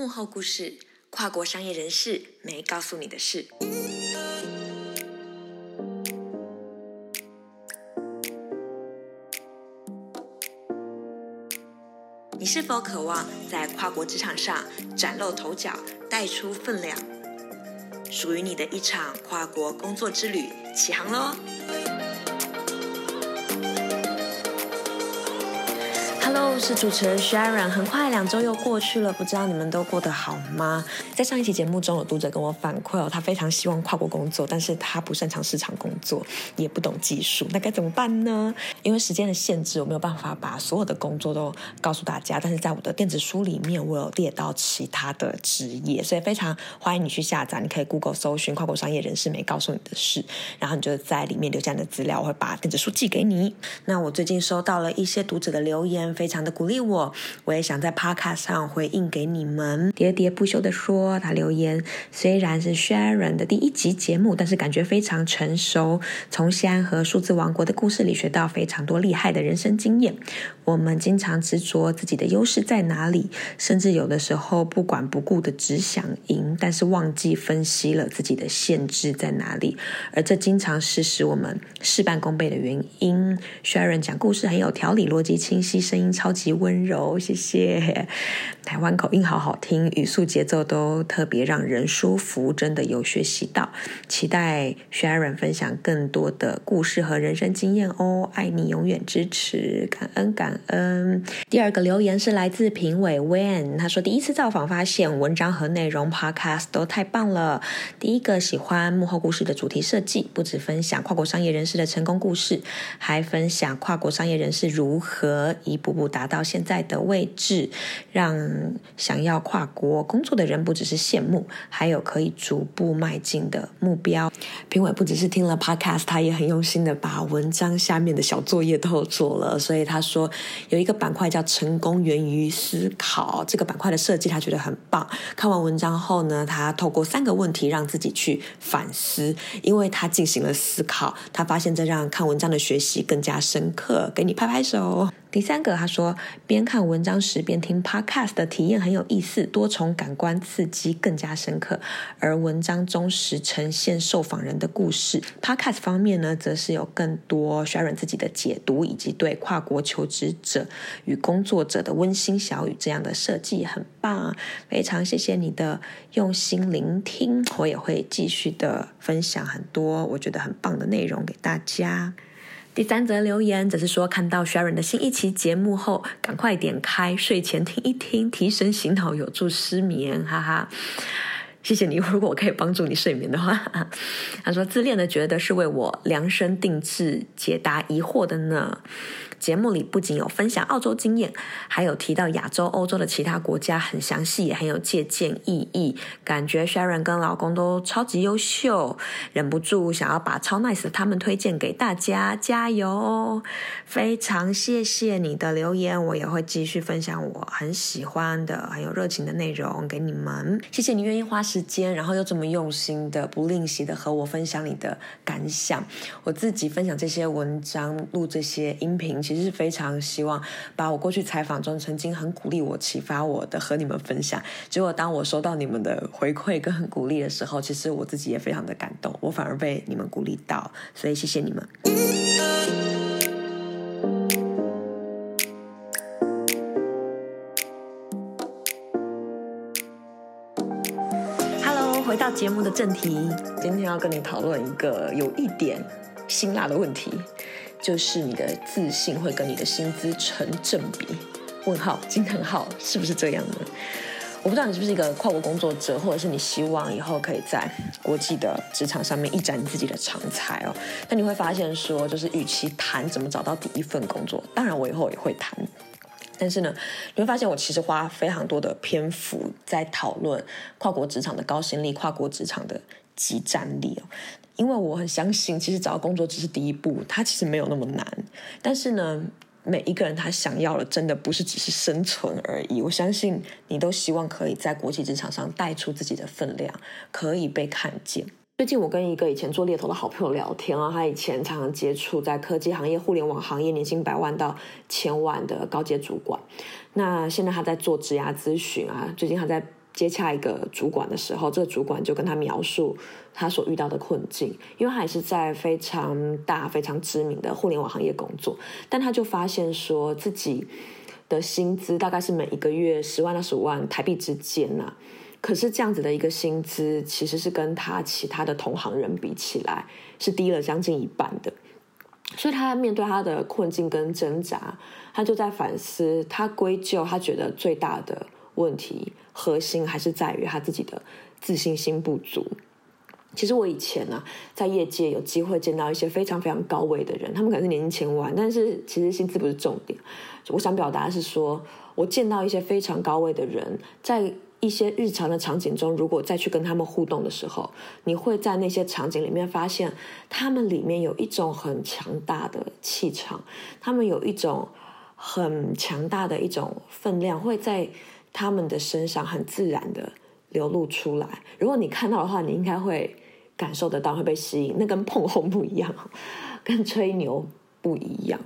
幕後故事：跨國商業人士沒告訴你的事。你是否渴望在跨國職場上嶄露頭角、帶出分量？屬於你的一場跨國工作之旅，起航囉！是主持人 Sharon。很快兩周又過去了，不知道你們都過得好嗎？在上一期節目中有讀者跟我反饋哦，他非常希望跨國工作，但是他不擅長市場工作，也不懂技術，那該怎麼辦呢？因為時間的限制，我沒有辦法把所有的工作都告訴大家，但是在我的電子書裡面，我有列到其他的職業，所以非常歡迎你去下載。你可以 Google 搜尋跨國商業人士沒告訴你的事，然後你就在裡面留下你的資料，我會把電子書寄給你。那我最近收到了一些讀者的留言，非常的。鼓勵我，我也想在 Podcast 上回應給你們。喋喋不休的說他留言，雖然是 Sharon 的第一集節目，但是感覺非常成熟。從西安和數字王國的故事裡學到非常多厲害的人生經驗。我們經常執着自己的優勢在哪裡，甚至有的時候不管不顧的只想贏，但是忘記分析了自己的限制在哪裡，而這經常是使我們事半功倍的原因。Sharon 講故事很有條理，邏輯清晰，聲音超級及溫柔，謝謝。台灣口音好，好好聽，語速節奏都特別讓人舒服，真的有學習到。期待 Sharon 分享更多的故事和人生經驗哦，愛你永遠支持，感恩感恩。第二個留言是來自評委 w a n 他說，第一次造訪，發現文章和內容、Podcast 都太棒了。第一個喜歡幕後故事的主題設計，不止分享跨國商業人士的成功故事，還分享跨國商業人士如何一步步達。到現在的位置，讓想要跨國工作的人不只是羨慕，還有可以逐步邁進的目標。評委不只是聽了 podcast，他也很用心地把文章下面的小作業都做了。所以他說有一個板塊叫“成功源於思考”，這個板塊的設計他覺得很棒。看完文章後呢，他透過三個問題讓自己去反思，因為他進行了思考，他發現這讓看文章的學習更加深刻，給你拍拍手。第三個，他說，邊看文章時邊聽 Podcast 的體驗很有意思，多重感官刺激更加深刻，而文章中時呈現受訪人的故事，Podcast 方面呢，則是有更多 Sharon 自己的解讀以及對跨國求職者與工作者的溫馨小語，這樣的設計很棒。非常謝謝你的用心聆聽，我也會繼續的分享很多我覺得很棒的內容給大家。第三則留言則是說，看到 Sharon 的新一期節目後，趕快點開睡前聽一聽，提神醒腦，有助失眠，哈哈。謝謝你，如果我可以幫助你睡眠的話。他說，自戀的覺得是為我量身定制解答疑惑的呢。節目裡不僅有分享澳洲經驗，還有提到亞洲、歐洲的其他國家，很詳細，也很有借鑑意義。感覺 Sharon 跟老公都超級優秀，忍不住想要把超 nice 的他們推薦給大家。加油！非常謝謝你的留言，我也會繼續分享我很喜歡的、很有熱情的內容給你們。謝謝你願意花時間，然後又這麼用心的、不吝惜的和我分享你的感想。我自己分享這些文章，錄這些音頻。其實非常希望把我過去採訪中曾經很鼓勵我、啟發我的和你們分享。結果當我收到你們的回饋跟很鼓勵的時候，其實我自己也非常的感動，我反而被你們鼓勵到，所以謝謝你們。Hello，回到節目的正題，今天要跟你討論一個有一點辛辣的問題。就是你的自信會跟你的薪資成正比，問號，驚嘆號是不是這樣呢？我不知道你是不是一個跨國工作者，或者是你希望以後可以在國際的職場上面一展自己的長才哦。但你會發現說，就是與其談怎麼找到第一份工作，當然我以後也會談，但是呢，你會發現我其實花非常多的篇幅在討論跨國職場的高薪力、跨國職場的即戰力哦。因為我很相信，其實找到工作只是第一步，它其實沒有那麼難。但是呢，每一個人他想要的，真的不是只是生存而已。我相信你都希望可以在國際職場上帶出自己的分量，可以被看見。最近我跟一個以前做獵頭的好朋友聊天啊，他以前常常接觸在科技行業、互聯網行業，年薪百萬到千萬的高階主管。那現在他在做職涯諮詢啊，最近他在接洽一個主管的時候，這個主管就跟他描述。他所遇到的困境，因為他也是在非常大、非常知名的互聯網行業工作，但他就發現說，自己的薪資大概是每一個月十萬到十五萬台幣之間吶、啊。可是這樣子的一個薪資，其實是跟他其他的同行人比起來，是低了將近一半的。所以他面對他的困境跟掙扎，他就在反思，他歸咎他覺得最大的問題核心還是在於他自己的自信心不足。其實我以前呢、啊，在業界有機會見到一些非常非常高位的人，他們可能是年薪千萬，但是其實薪資不是重點。我想表達的是說，我見到一些非常高位的人，在一些日常的場景中，如果再去跟他們互動的時候，你會在那些場景裡面發現，他們裡面有一種很強大的氣場，他們有一種很強大的一種分量，會在他們的身上很自然的流露出來。如果你看到的話，你應該會。感受得到會被吸引，那跟膨風不一樣，跟吹牛不一樣。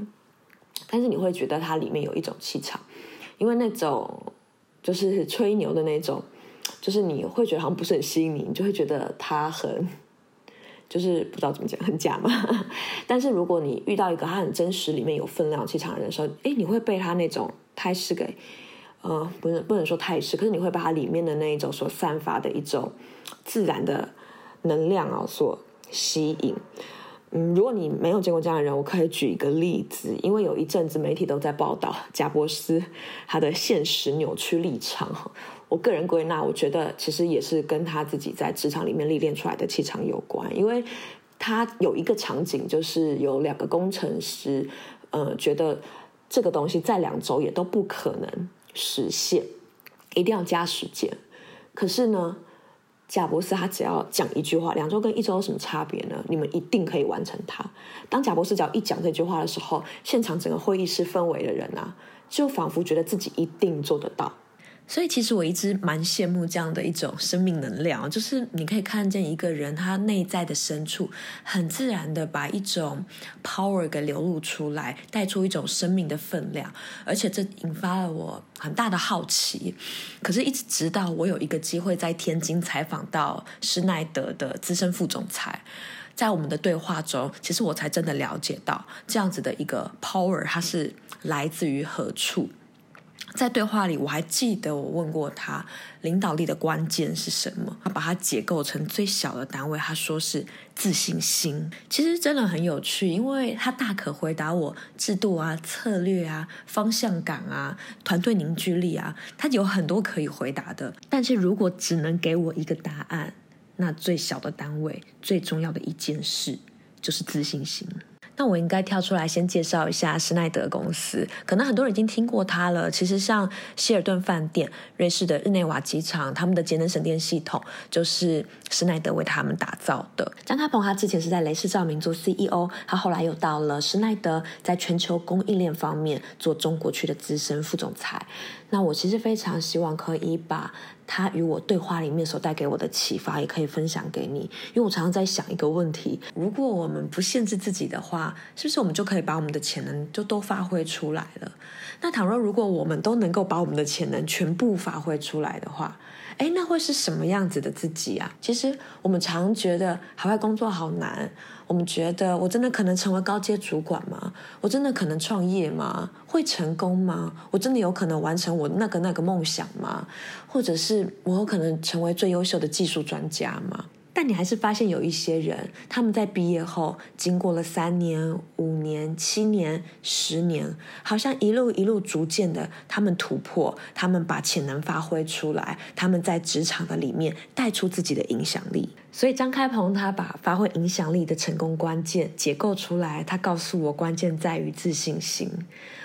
但是你會覺得它裡面有一種氣場，因為那種就是吹牛的那種，就是你會覺得好像不是很吸引你，你就會覺得他很就是不知道怎麼講，很假嘛。但是如果你遇到一個他很真實、裡面有分量、氣場的人的時候，誒，你會被他那種態勢給呃，不能不能說態勢，可是你會把他裡面的那一種所散發的一種自然的。能量啊，所吸引，嗯，如果你沒有見過這樣的人，我可以舉一個例子，因為有一陣子媒體都在報道賈伯斯他的現實扭曲力場。我個人歸納，我覺得其實也是跟他自己在職場裡面歷練出來的氣場有關。因為他有一個場景，就是有兩個工程師，呃，覺得這個東西在兩周也都不可能實現，一定要加時間。可是呢，賈博士他只要講一句話，兩周跟一周有什麼差別呢？你們一定可以完成它。當賈博士只要一講這句話的時候，現場整個會議室氛圍的人啊，就仿佛覺得自己一定做得到。所以，其實我一直蠻羨慕這樣的一種生命能量，就是你可以看見一個人他內在的深處，很自然的把一種 power 給流露出來，帶出一種生命的分量，而且這引發了我很大的好奇。可是，一直直到我有一個機會在天津採訪到施耐德的資深副總裁，在我們的對話中，其實我才真的了解到這樣子的一個 power，它是來自於何處。在對話裡，我還記得我問過他，領導力的關鍵是什麼？他把它解構成最小的單位，他說是自信心。其實真的很有趣，因為他大可回答我制度啊、策略啊、方向感啊、團隊凝聚力啊，他有很多可以回答的。但是如果只能給我一個答案，那最小的單位、最重要的一件事就是自信心。那我應該跳出來先介紹一下施耐德公司，可能很多人已經聽過他了。其實像希爾頓飯店、瑞士的日內瓦機場，他們的節能省電系統就是施耐德為他們打造的。張開鵬他之前是在雷士照明做 CEO，他後來又到了施耐德，在全球供應鏈方面做中國區的資深副總裁。那我其實非常希望可以把他與我對話裡面所帶給我的啟發，也可以分享給你。因為我常常在想一個問題：如果我們不限制自己的話，是不是我們就可以把我們的潛能就都發揮出來了？那倘若如果我們都能夠把我們的潛能全部發揮出來的話，哎，那會是什麼樣子的自己啊？其實我們常覺得海外工作好難，我們覺得，我真的可能成為高階主管嗎？我真的可能創業嗎？會成功嗎？我真的有可能完成我那個那個夢想嗎？或者是我有可能成為最優秀的技術專家嗎？但你還是發現有一些人，他們在畢業後經過了三年、五年、七年、十年，好像一路一路逐漸的，他們突破，他們把潛能發揮出來，他們在職場的裡面帶出自己的影響力。所以張開鵬他把發揮影響力的成功關鍵解構出來，他告訴我關鍵在於自信心。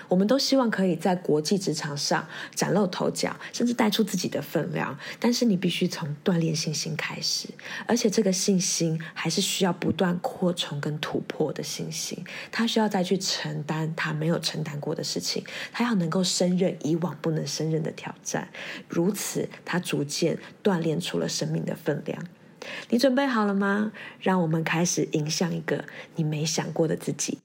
我們都希望可以在國際職場上嶄露頭角，甚至帶出自己的分量。但是你必須從鍛鍊信心開始，而且這個信心還是需要不斷擴充跟突破的信心。他需要再去承擔他沒有承擔過的事情，他要能夠勝任以往不能勝任的挑戰。如此，他逐漸鍛鍊出了生命的分量。你準備好了嗎？讓我們開始迎向一個你沒想過的自己。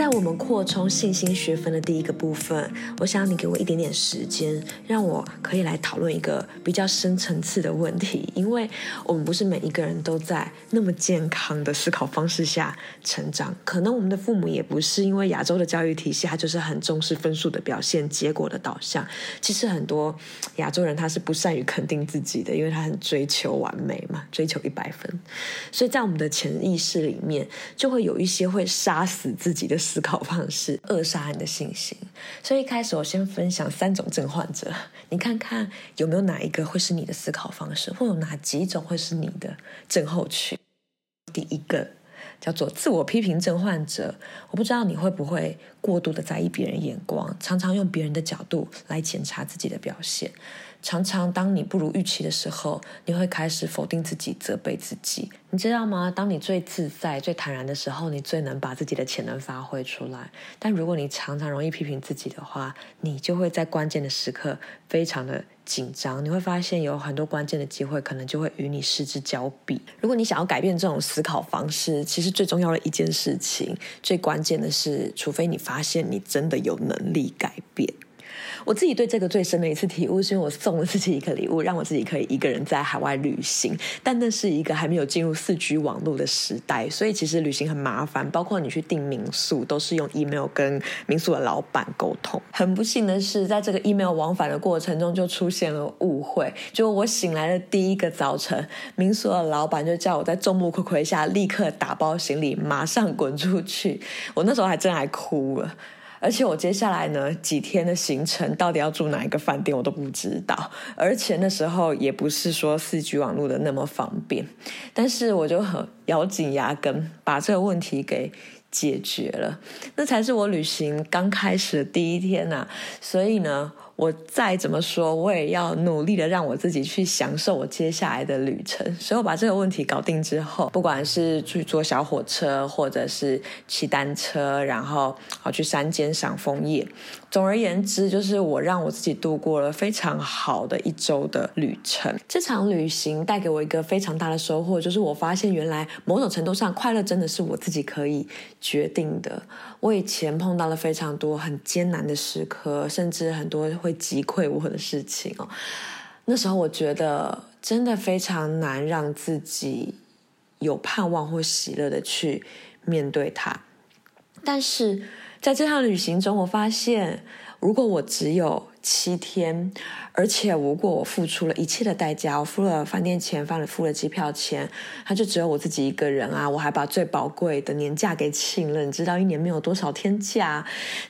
在我們擴充信心學分的第一個部分，我想要你給我一點點時間，讓我可以來討論一個比較深層次的問題。因為我們不是每一個人都在那麼健康的思考方式下成長，可能我們的父母也不是因為亞洲的教育體系，他就是很重視分數的表現、結果的導向。其實很多亞洲人他是不善於肯定自己的，因為他很追求完美嘛，追求一百分。所以在我們的潛意識裡面，就會有一些會殺死自己的。思考方式扼殺你的信心，所以一開始我先分享三種症患者，你看看有沒有哪一個會是你的思考方式，會有哪幾種會是你的症候群。第一個叫做自我批評症患者，我不知道你會不會過度的在意別人眼光，常常用別人的角度來檢查自己的表現。常常，當你不如預期的時候，你會開始否定自己、責備自己，你知道嗎？當你最自在、最坦然的時候，你最能把自己的潛能發揮出來。但如果你常常容易批評自己的話，你就會在關鍵的時刻非常的緊張。你會發現有很多關鍵的機會，可能就會與你失之交臂。如果你想要改變這種思考方式，其實最重要的一件事情，最關鍵的是，除非你發現你真的有能力改變。我自己對這個最深的一次體悟，是因為我送了自己一個禮物，讓我自己可以一個人在海外旅行。但那是一個還沒有進入四 G 網絡的時代，所以其實旅行很麻煩，包括你去訂民宿都是用 email 跟民宿的老闆溝通。很不幸的是，在這個 email 往返的過程中就出現了誤會。結果我醒來的第一個早晨，民宿的老闆就叫我在眾目睽睽下立刻打包行李，馬上滾出去。我那時候還真還哭了。而且我接下來呢，幾天的行程到底要住哪一個飯店我都不知道，而且那時候也不是說四 G 網絡的那麼方便，但是我就很咬緊牙根把這個問題給解決了，那才是我旅行剛開始的第一天吶、啊，所以呢。我再怎麼說，我也要努力的讓我自己去享受我接下來的旅程。所以，我把這個問題搞定之後，不管是去坐小火車，或者是騎單車，然後好去山間賞楓葉。總而言之，就是我讓我自己度過了非常好的一周的旅程。這場旅行帶給我一個非常大的收穫，就是我發現原來某種程度上，快樂真的是我自己可以決定的。我以前碰到了非常多很艱難的時刻，甚至很多會擊潰我的事情哦。那時候我覺得真的非常難讓自己有盼望或喜樂的去面對它，但是。在這趟旅行中，我發現。如果我只有七天，而且如果我付出了一切的代價，我付了飯店錢，反正付了機票錢，他就只有我自己一個人啊！我還把最寶貴的年假給請了，你知道一年沒有多少天假，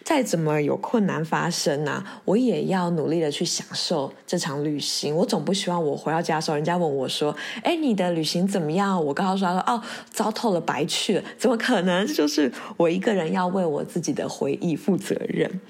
再怎麼有困難發生啊，我也要努力的去享受這場旅行。我總不希望我回到家的時候，人家問我說：“哎、欸，你的旅行怎麼樣？”我告訴他說：“哦，糟透了，白去了。”怎麼可能？就是我一個人要為我自己的回憶負責任。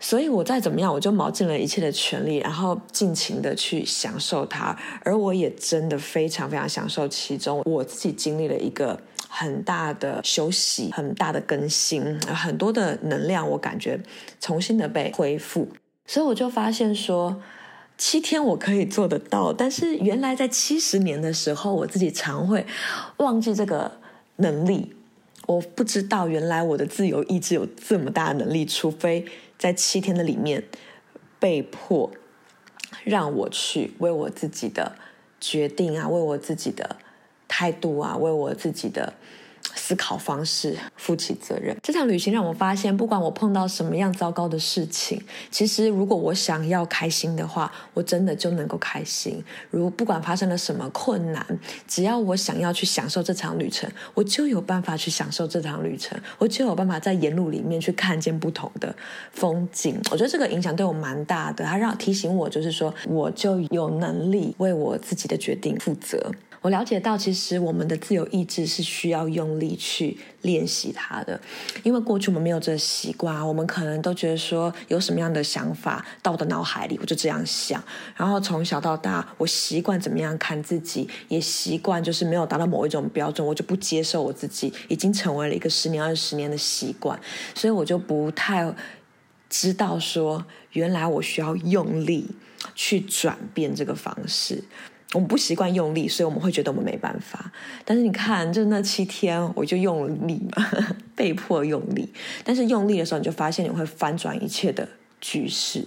所以，我再怎麼樣，我就卯盡了一切的全力，然後盡情的去享受它。而我也真的非常非常享受其中。我自己經歷了一個很大的休息、很大的更新，很多的能量，我感覺重新的被恢復。所以，我就發現說，七天我可以做得到。但是，原來在七十年的時候，我自己常會忘記這個能力。我不知道，原來我的自由意志有這麼大的能力，除非在七天的裡面，被迫讓我去為我自己的決定啊，為我自己的態度啊，為我自己的。思考方式，負起責任。這場旅行讓我發現，不管我碰到什麼樣糟糕的事情，其實如果我想要開心的話，我真的就能夠開心。如不管發生了什麼困難，只要我想要去享受這場旅程，我就有辦法去享受這場旅程。我就有辦法在沿路裡面去看見不同的風景。我覺得這個影響對我蠻大的，它讓提醒我，就是說，我就有能力為我自己的決定負責。我了解到，其實我們的自由意志是需要用力去練習它的，因為過去我們沒有這個習慣啊，我們可能都覺得說，有什麼樣的想法到我的腦海裡，我就這樣想。然後從小到大，我習慣怎麼樣看自己，也習慣就是沒有達到某一種標準，我就不接受我自己，已經成為了一個十年二十年的習慣，所以我就不太知道說，原來我需要用力去轉變這個方式。我們不習慣用力，所以我們會覺得我們沒辦法。但是你看，就那七天，我就用力嘛，被迫用力。但是用力的時候，你就發現你會翻轉一切的局勢。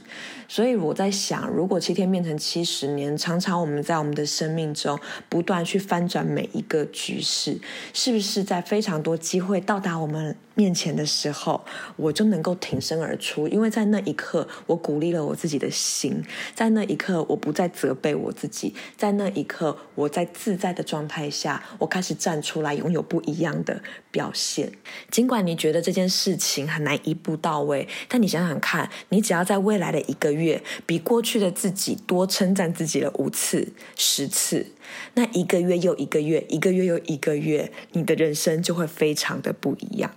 所以我在想，如果七天變成七十年，常常我們在我們的生命中不斷去翻轉每一個局勢，是不是在非常多機會到達我們面前的時候，我就能夠挺身而出。因為在那一刻，我鼓勵了我自己的心，在那一刻，我不再責備我自己，在那一刻，我在自在的狀態下，我開始站出來，擁有不一樣的表現。儘管你覺得這件事情很難一步到位，但你想想看，你只要在未來的一個月，比過去的自己多稱讚自己了五次、十次。那一個月又一個月，一個月又一個月，你的人生就會非常的不一樣。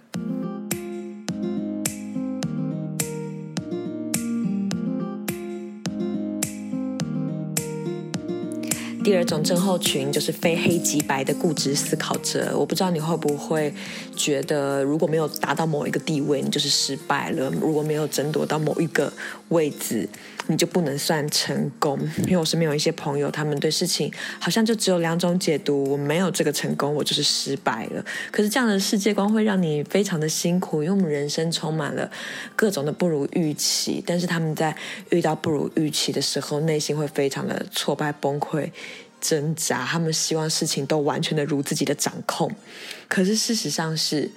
第二種症候群就是非黑即白的固執思考者。我不知道你會不會覺得，如果沒有達到某一個地位，你就是失敗了；如果沒有爭奪到某一個位置，你就不能算成功，因為我身邊有一些朋友，他們對事情好像就只有兩種解讀。我沒有這個成功，我就是失敗了。可是這樣的世界觀會讓你非常的辛苦，因為我們人生充滿了各種的不如預期。但是他們在遇到不如預期的時候，內心會非常的挫敗、崩潰、掙扎。他們希望事情都完全的如自己的掌控，可是事實上是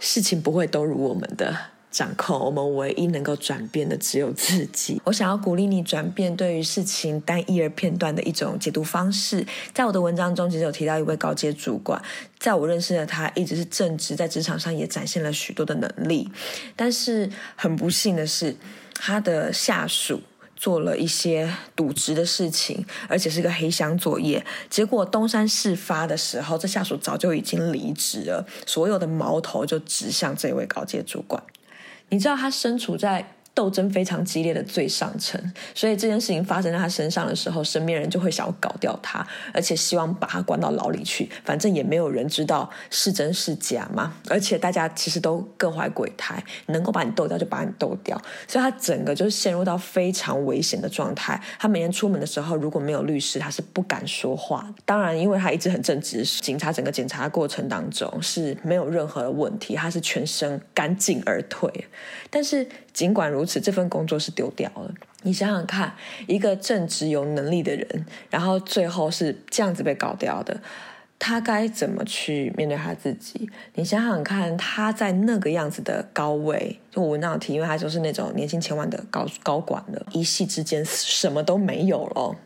事情不會都如我們的掌控，我們唯一能夠轉變的只有自己。我想要鼓勵你轉變對於事情單一而片段的一種解讀方式。在我的文章中，其實有提到一位高階主管，在我認識的他一直是正直，在職場上也展現了許多的能力。但是很不幸的是，他的下屬做了一些瀆職的事情，而且是個黑箱作業。結果東山事發的時候，這下屬早就已經離職了，所有的矛頭就指向這位高階主管。你知道他身處在？鬥爭非常激烈的最上層，所以這件事情發生在他身上的時候，身邊人就會想要搞掉他，而且希望把他關到牢裡去。反正也沒有人知道是真是假嘛，而且大家其實都各懷鬼胎，能夠把你鬥掉就把你鬥掉。所以他整個就是陷入到非常危險的狀態。他每天出門的時候，如果沒有律師，他是不敢說話。當然，因為他一直很正直，警察整個檢查的過程當中是沒有任何的問題，他是全身乾淨而退。但是。儘管如此，這份工作是丟掉了。你想想看，一個正直有能力的人，然後最後是這樣子被搞掉的，他該怎麼去面對他自己？你想想看，他在那個樣子的高位，就我文章提，因為他就是那種年薪千萬的高高管的，一夕之間什麼都沒有了。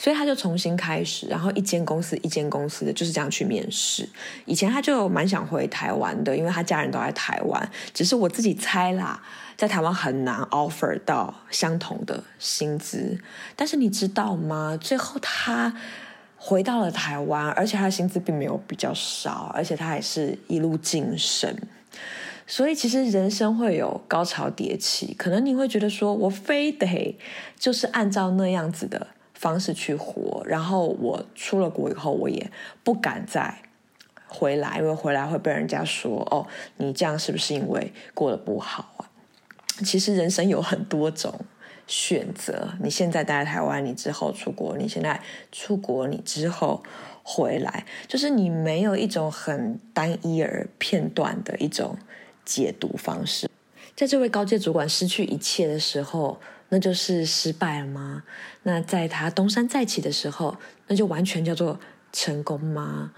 所以他就重新開始，然後一間公司一間公司的就是這樣去面試。以前他就蠻想回台灣的，因為他家人都在台灣。只是我自己猜啦，在台灣很難 offer 到相同的薪資。但是你知道嗎？最後他回到了台灣，而且他的薪資並沒有比較少，而且他還是一路晉升。所以其實人生會有高潮迭起，可能你會覺得說我非得就是按照那樣子的方式去活，然後我出了國以後，我也不敢再回來，因為回來會被人家說哦，你這樣是不是因為過得不好啊？其實人生有很多種選擇，你現在待在台灣，你之後出國，你現在出國，你之後回來，就是你沒有一種很單一而片段的一種解讀方式。在這位高階主管失去一切的時候，那就是失敗了嗎？那在他東山再起的時候，那就完全叫做成功嗎？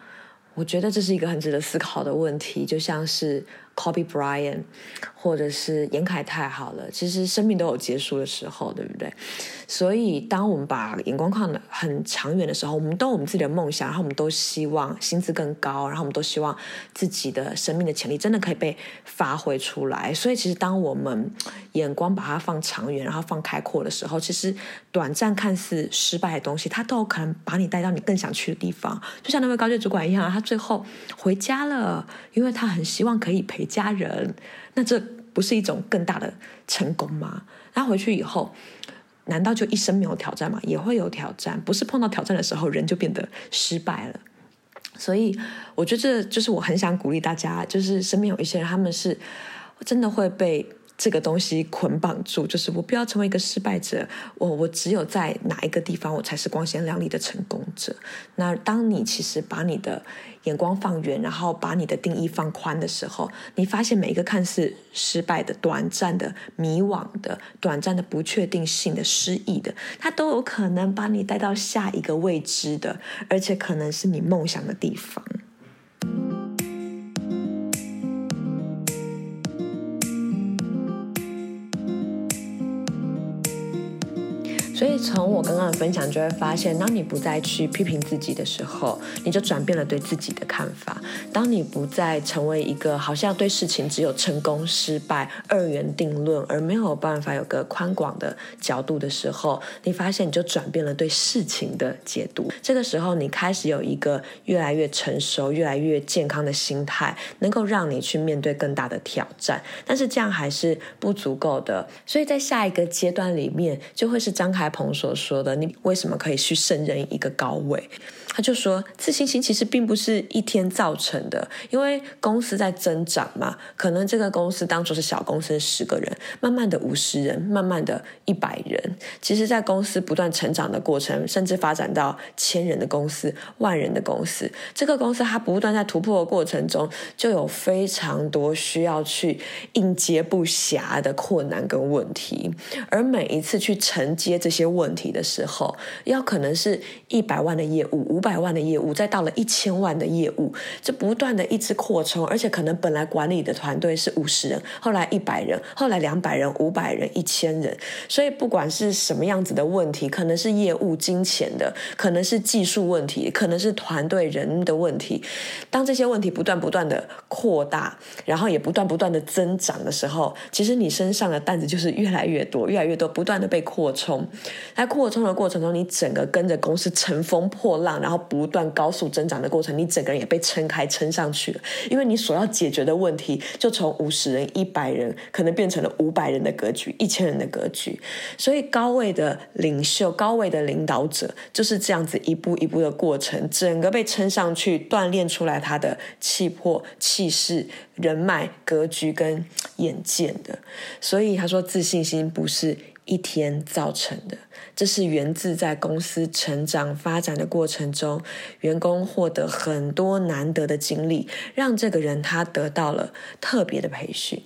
我覺得這是一個很值得思考的問題，就像是。Kobe Bryant，或者是嚴凱泰，好了，其實生命都有結束的時候，對不對？所以，當我們把眼光看得很長遠的時候，我們都有我們自己的夢想，然後我們都希望薪資更高，然後我們都希望自己的生命的潛力真的可以被發揮出來。所以，其實當我們眼光把它放長遠，然後放開闊的時候，其實短暫看似失敗的東西，它都有可能把你帶到你更想去的地方。就像那位高階主管一樣，他最後回家了，因為他很希望可以陪。家人，那這不是一種更大的成功嗎？他回去以後，難道就一生沒有挑戰嗎？也會有挑戰，不是碰到挑戰的時候人就變得失敗了。所以，我覺得這就是我很想鼓勵大家，就是身邊有一些人，他們是真的會被。這個東西捆綁住，就是我不要成為一個失敗者。我我只有在哪一個地方，我才是光鮮亮麗的成功者。那當你其實把你的眼光放遠，然後把你的定義放寬的時候，你發現每一個看似失敗的、短暫的、迷惘的、短暫的不確定性的失意的，它都有可能把你帶到下一個未知的，而且可能是你夢想的地方。所以從我剛剛的分享就會發現，當你不再去批評自己的時候，你就轉變了對自己的看法。當你不再成為一個好像對事情只有成功失敗二元定論，而沒有辦法有個寬廣的角度的時候，你發現你就轉變了對事情的解讀。這個時候，你開始有一個越來越成熟、越來越健康的心態，能夠讓你去面對更大的挑戰。但是這樣還是不足夠的，所以在下一個階段裡面，就會是張開。鵬所說的，你為什麼可以去勝任一個高位？他就說，自信心其實並不是一天造成的，因為公司在增長嘛，可能這個公司當初是小公司，十個人，慢慢的五十人，慢慢的一百人，其實，在公司不斷成長的過程，甚至發展到千人的公司、萬人的公司，這個公司它不斷在突破的過程中，就有非常多需要去應接不暇的困難跟問題，而每一次去承接這些問題的時候，要可能是一百萬的業務。五百萬的業務，再到了一千萬的業務，這不斷的一直擴充，而且可能本來管理的團隊是五十人，後來一百人，後來兩百人，五百人，一千人。所以不管是什麼樣子的問題，可能是業務、金錢的，可能是技術問題，可能是團隊人的問題。當這些問題不斷不斷的擴大，然後也不斷不斷的增長的時候，其實你身上的擔子就是越來越多，越來越多，不斷的被擴充。在擴充的過程中，你整個跟着公司乘風破浪，然後。然後不斷高速增長的過程，你整個人也被撐開、撐上去了，因為你所要解決的問題就從五十人、一百人，可能變成了五百人的格局、一千人的格局。所以高位的領袖、高位的領導者，就是這樣子一步一步的過程，整個被撐上去，鍛鍊出來他的氣魄、氣勢、人脈、格局跟眼見的。所以他說，自信心不是。一天造成的，這是源自在公司成長發展的過程中，員工獲得很多難得的經歷，讓這個人他得到了特別的培訓。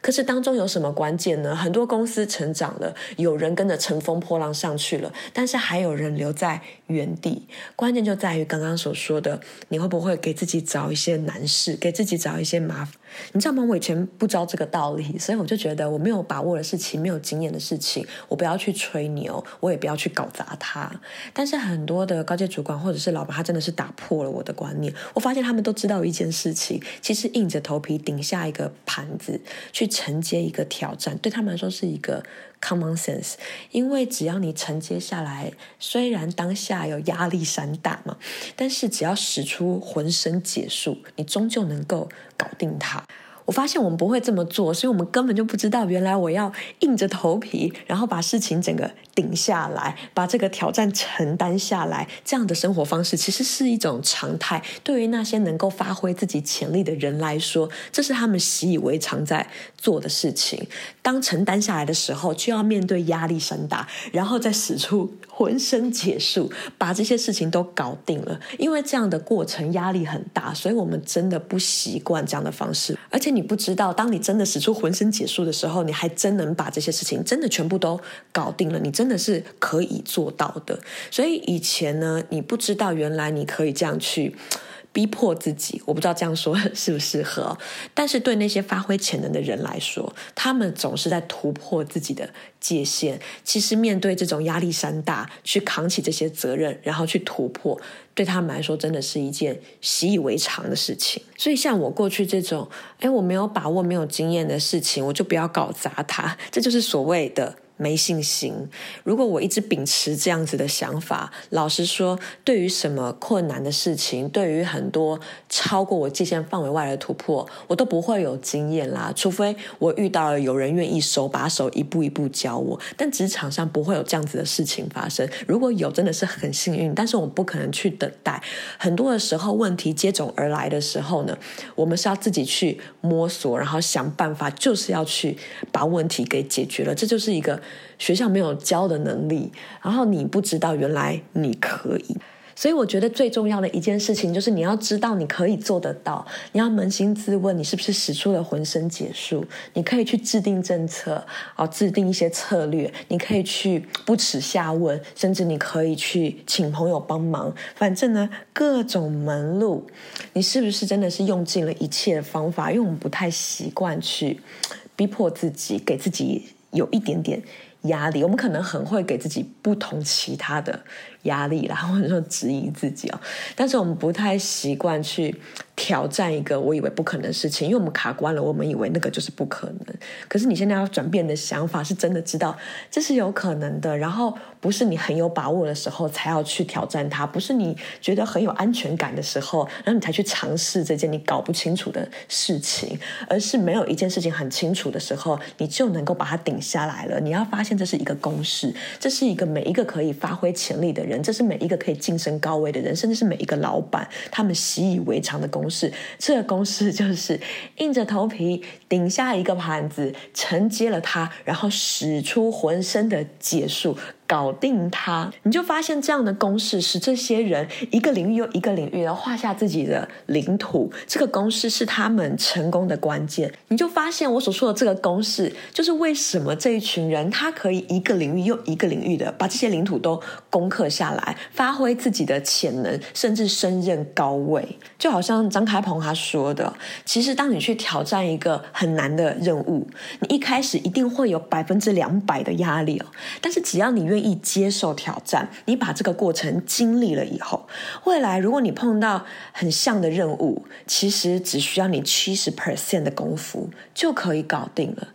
可是當中有什麼關鍵呢？很多公司成長了，有人跟着乘風破浪上去了，但是還有人留在原地。關鍵就在於剛剛所說的，你會不會給自己找一些難事，給自己找一些麻煩？你知道嗎？我以前不知道這個道理，所以我就覺得我沒有把握的事情、沒有經驗的事情，我不要去吹牛，我也不要去搞砸它。但是很多的高階主管或者是老闆，他真的是打破了我的觀念。我發現他們都知道一件事情，其實硬着頭皮頂下一個盤子，去承接一個挑戰，對他們來說是一個 common sense，因為只要你承接下來，雖然當下有壓力山大嘛，但是只要使出渾身解數，你終究能夠搞定它。我發現我們不會這麼做，所以我們根本就不知道，原來我要硬着頭皮，然後把事情整個頂下來，把這個挑戰承擔下來，這樣的生活方式其實是一種常態。對於那些能夠發揮自己潛力的人來說，這是他們習以為常在。做的事情，當承擔下來的時候，就要面對壓力山大，然後再使出渾身解數，把這些事情都搞定了。因為這樣的過程壓力很大，所以我們真的不習慣這樣的方式。而且你不知道，當你真的使出渾身解數的時候，你還真能把這些事情真的全部都搞定了。你真的是可以做到的。所以以前呢，你不知道原來你可以這樣去。逼迫自己，我不知道這樣說適不適合，但是對那些發揮潛能的人來說，他們總是在突破自己的界限。其實面對這種壓力山大，去扛起這些責任，然後去突破，對他們來說真的是一件習以為常的事情。所以像我過去這種，哎，我沒有把握、沒有經驗的事情，我就不要搞砸它。這就是所謂的。沒信心。如果我一直秉持這樣子的想法，老實說，對於什麼困難的事情，對於很多超過我界限範圍外的突破，我都不會有經驗啦。除非我遇到了有人願意手把手一步一步教我，但職場上不會有這樣子的事情發生。如果有，真的是很幸運。但是我不可能去等待。很多的時候，問題接踵而來的時候呢，我們是要自己去摸索，然後想辦法，就是要去把問題給解決了。這就是一個。學校沒有教的能力，然後你不知道原來你可以，所以我覺得最重要的一件事情就是你要知道你可以做得到，你要捫心自問，你是不是使出了渾身解數？你可以去制定政策，啊，制定一些策略，你可以去不恥下問，甚至你可以去請朋友幫忙，反正呢，各種門路，你是不是真的是用盡了一切的方法？因為我們不太習慣去逼迫自己，給自己。有一點點壓力，我們可能很會給自己不同其他的，壓力啦，或者說質疑自己哦，但是我們不太習慣去挑戰一個我以為不可能的事情，因為我們卡關了，我們以為那個就是不可能。可是你現在要轉變的想法，是真的知道這是有可能的。然後不是你很有把握的時候才要去挑戰它，不是你覺得很有安全感的時候，然後你才去嘗試這件你搞不清楚的事情，而是沒有一件事情很清楚的時候，你就能夠把它頂下來了。你要發現這是一個公式，這是一個每一個可以發揮潛力的人。這是每一個可以晉升高位的人，甚至是每一個老闆，他們習以為常的公式。這個公式就是硬着頭皮頂下一個盤子，承接了它，然後使出渾身的解數。搞定他，你就發現這樣的公式是這些人一個領域又一個領域，然後畫下自己的領土。這個公式是他們成功的關鍵。你就發現我所說的這個公式，就是為什麼這一群人他可以一個領域又一個領域的把這些領土都攻克下來，發揮自己的潛能，甚至升任高位。就好像張開鵬他說的，其實當你去挑戰一個很難的任務，你一開始一定會有百分之兩百的壓力哦，但是只要你願。一接受挑戰，你把這個過程經歷了以後，未來如果你碰到很像的任務，其實只需要你七十 percent 的功夫就可以搞定了。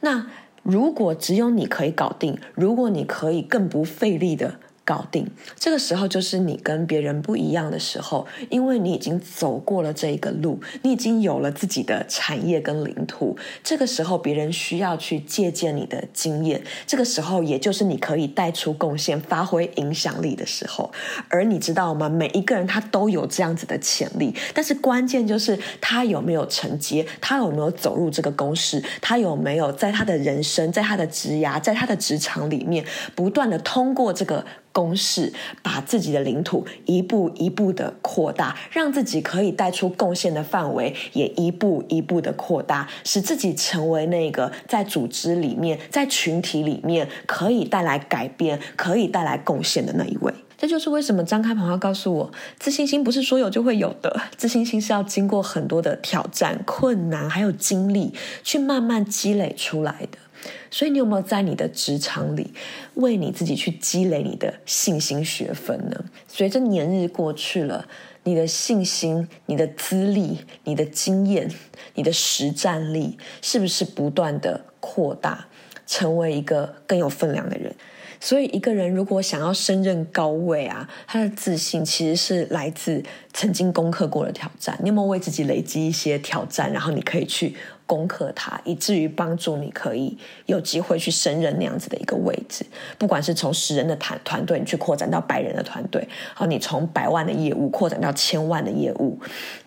那如果只有你可以搞定，如果你可以更不費力的。搞定，這個時候就是你跟別人不一樣的時候，因為你已經走過了這一個路，你已經有了自己的產業跟領土。這個時候，別人需要去借鑑你的經驗。這個時候，也就是你可以帶出貢獻、發揮影響力的時候。而你知道嗎？每一個人他都有這樣子的潛力，但是關鍵就是他有沒有承接，他有沒有走入這個公式，他有沒有在他的人生、在他的職涯、在他的職場裡面，不斷的通過這個。公式把自己的領土一步一步的擴大，讓自己可以帶出貢獻的範圍也一步一步的擴大，使自己成為那個在組織裡面、在群體裡面可以帶來改變、可以帶來貢獻的那一位。這就是為什麼張開鵬要告訴我，自信心不是說有就會有的，自信心是要經過很多的挑戰、困難還有經歷去慢慢積累出來的。所以，你有沒有在你的職場裡為你自己去積累你的信心學分呢？隨着年日過去了，你的信心、你的資歷、你的經驗、你的實戰力，是不是不斷的擴大，成為一個更有分量的人？所以，一個人如果想要升任高位啊，他的自信其實是來自曾經攻克過的挑戰。你有沒有為自己累積一些挑戰，然後你可以去攻克它，以至於幫助你可以有機會去升任那樣子的一個位置。不管是從十人的團隊團隊，你去擴展到百人的團隊，好，你從百萬的業務擴展到千萬的業務。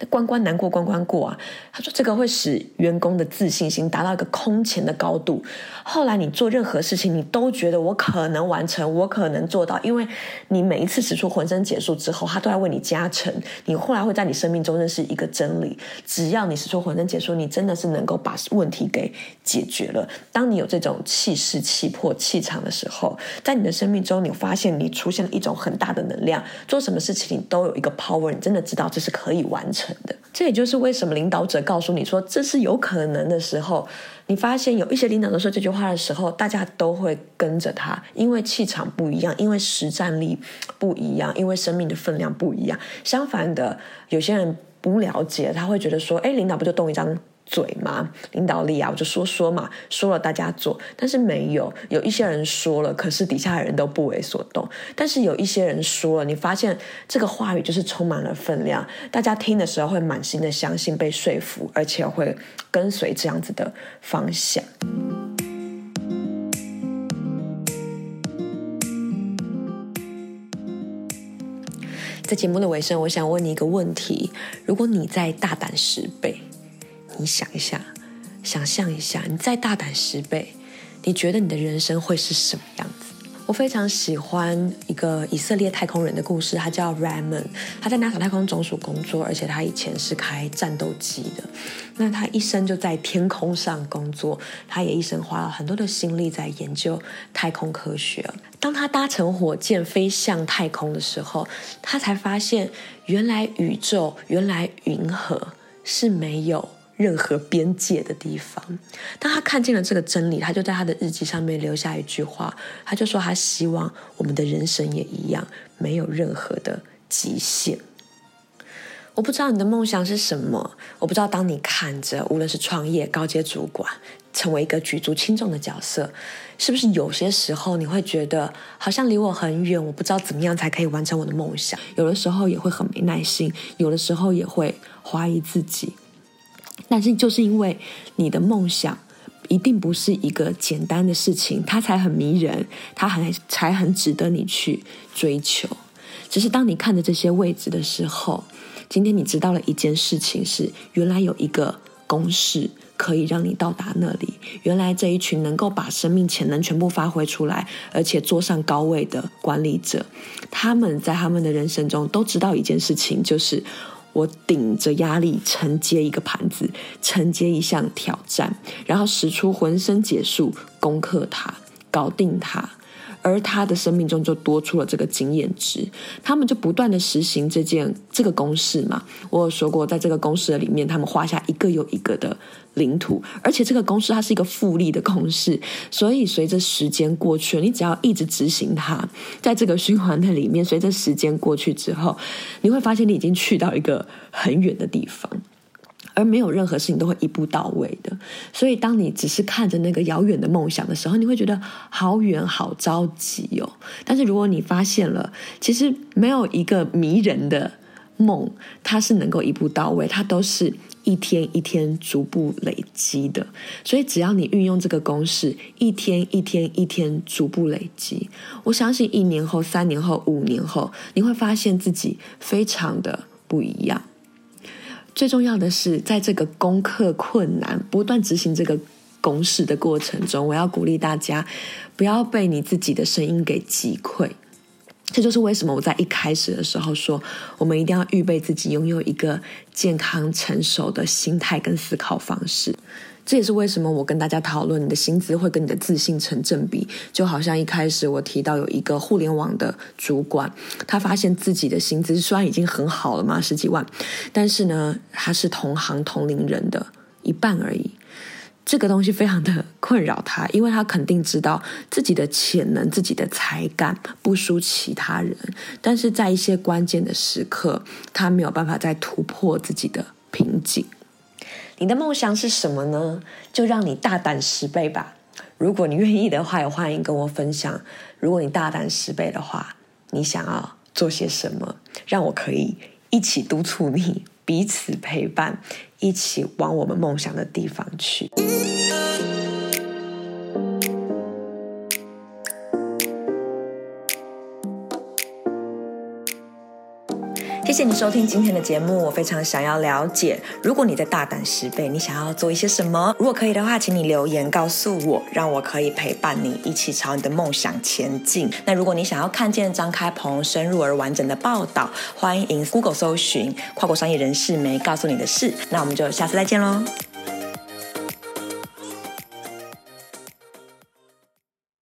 關關難過關關過啊！他說，這個會使員工的自信心達到一個空前的高度。後來你做任何事情，你都覺得我可能完成，我可能做到，因為你每一次使出渾身解數之後，他都要為你加成。你後來會在你生命中認識一個真理：只要你使出渾身解數，你真的是能夠把問題給解決了。當你有這種氣勢、氣魄、氣場的時候，在你的生命中，你發現你出現了一種很大的能量。做什麼事情你都有一個 power，你真的知道這是可以完成的。這也就是為什麼領導者告訴你說這是有可能的時候，你發現有一些領導都說這句話的時候，大家都會跟着他，因為氣場不一樣，因為實戰力不一樣，因為生命的分量不一樣。相反的，有些人不了解，他會覺得說：“哎，領導不就動一張？”嘴嘛，領導力啊，我就說說嘛，說了大家做，但是沒有，有一些人說了，可是底下的人都不為所動；但是有一些人說了，你發現這個話語就是充滿了分量，大家聽的時候會滿心的相信、被說服，而且會跟隨這樣子的方向。在節目的尾聲，我想問你一個問題：如果你再大膽十倍？你想一下，想象一下，你再大膽十倍，你覺得你的人生會是什麼樣子？我非常喜歡一個以色列太空人的故事，他叫 Ramon，他在 NASA 太空總署工作，而且他以前是開戰鬥機的。那他一生就在天空上工作，他也一生花了很多的心力在研究太空科學。當他搭乘火箭飛向太空的時候，他才發現，原來宇宙，原來銀河是沒有任何邊界的地方，當他看見了這個真理，他就在他的日記上面留下一句話，他就說：“他希望我們的人生也一樣，沒有任何的極限。”我不知道你的夢想是什麼，我不知道當你看着無論是創業、高階主管，成為一個舉足輕重的角色，是不是有些時候你會覺得好像離我很遠，我不知道怎麼樣才可以完成我的夢想？有的時候也會很沒耐心，有的時候也會懷疑自己。但是，就是因為你的夢想一定不是一個簡單的事情，它才很迷人，它很才很值得你去追求。只是當你看着這些位置的時候，今天你知道了一件事情：是原來有一個公式可以讓你到達那裡。原來這一群能夠把生命潛能全部發揮出來，而且坐上高位的管理者，他們在他們的人生中都知道一件事情，就是。我頂着壓力承接一個盤子，承接一項挑戰，然後使出渾身解數攻克它，搞定它。而他的生命中就多出了這個經驗值，他們就不斷的實行這件這個公式嘛。我有說過，在這個公式裡面，他們畫下一個又一個的領土，而且這個公式它是一個複利的公式，所以隨着時間過去，你只要一直執行它，在這個循環的裡面，隨着時間過去之後，你會發現你已經去到一個很遠的地方。而沒有任何事情都會一步到位的，所以當你只是看着那個遙遠的夢想的時候，你會覺得好遠好着急哦。但是如果你發現了，其實沒有一個迷人的夢，它是能夠一步到位，它都是一天一天逐步累積的。所以只要你運用這個公式，一天一天一天逐步累積，我相信一年後、三年後、五年後，你會發現自己非常的不一樣。最重要的是，在這個攻克困難、不斷執行這個公式的過程中，我要鼓勵大家，不要被你自己的聲音給擊潰。這就是為什麼我在一開始的時候說，我們一定要預備自己擁有一個健康成熟的心態跟思考方式。這也是為什麼我跟大家討論，你的薪資會跟你的自信成正比。就好像一開始我提到有一個互聯網的主管，他發現自己的薪資雖然已經很好了嘛，十幾萬，但是呢，他是同行同齡人的一半而已。這個東西非常的困擾他，因為他肯定知道自己的潛能、自己的才幹不輸其他人，但是在一些關鍵的時刻，他沒有辦法再突破自己的瓶頸。你的夢想是什麼呢？就讓你大膽十倍吧。如果你願意的話，也歡迎跟我分享。如果你大膽十倍的話，你想要做些什麼？讓我可以一起督促你，彼此陪伴，一起往我們夢想的地方去。謝謝你收聽今天的節目，我非常想要了解，如果你再大膽十倍，你想要做一些什麼？如果可以的話，請你留言告訴我，讓我可以陪伴你一起朝你的夢想前進。那如果你想要看見張開鵬深入而完整的報道，歡迎 Google 搜尋《跨國商業人士沒告訴你的事》。那我們就下次再見嘍。